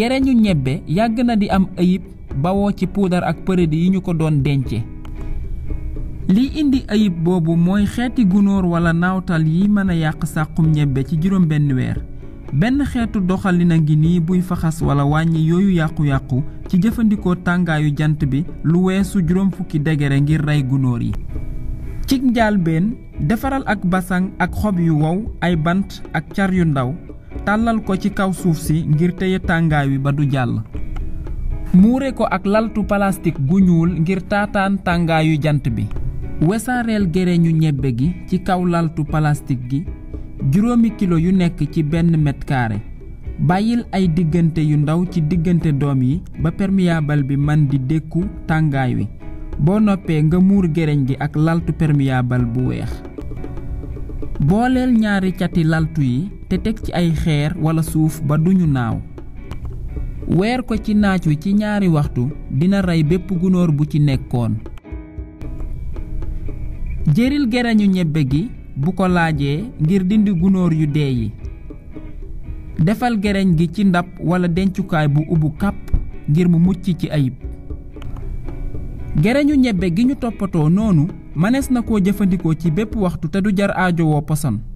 gereñu ñebbe yàgg na di am ayib bawoo ci puudar ak përëdi yi ñu ko doon dence li indi ayib boobu mooy xeeti gunóor wala naawtal yi mën a yàq sàqum ñebbe ci juróom benn weer benn xeetu doxalin ngi nii buy faxas wala wàññi yooyu yàqu-yàqu ci jëfandikoo tàngaayu jant bi lu weesu juróom fukki degere ngir rey gunóor yi cig njaalbeen defaral ak basang ak xob yu wow ay bant ak car yu ndaw tàllal ko ci kaw suuf si ngir téye tàngaay wi ba du jàll muure ko ak laltu plastik gu ñuul ngir taataan tàngaayu jant bi wesaareel gere ñu gi ci kaw laltu plastique gi juróomi kilo yu nekk ci benn mètre bàyyil ay diggante yu ndaw ci diggante doom yi ba perméable bi man di dékku tàngaay wi boo noppee nga muur gereñ gi ak laltu perméable bu weex booleel ñaari cati laltu yi te teg ci ay xeer wala suuf ba duñu naaw weer ko ci naaj wi ci ñaari waxtu dina rey bépp gunóor bu ci nekkoon jëril gerañu ñebbe gi bu ko laajee ngir dindi gunóor yu dee yi defal gereñ gi ci ndab walla dencukaay bu ubbu kàpp ngir mu mucc ci ayib gereñu ñebbe gi ñu toppatoo noonu mënees na koo jëfandikoo ci bépp waxtu te du jar aajowoo poson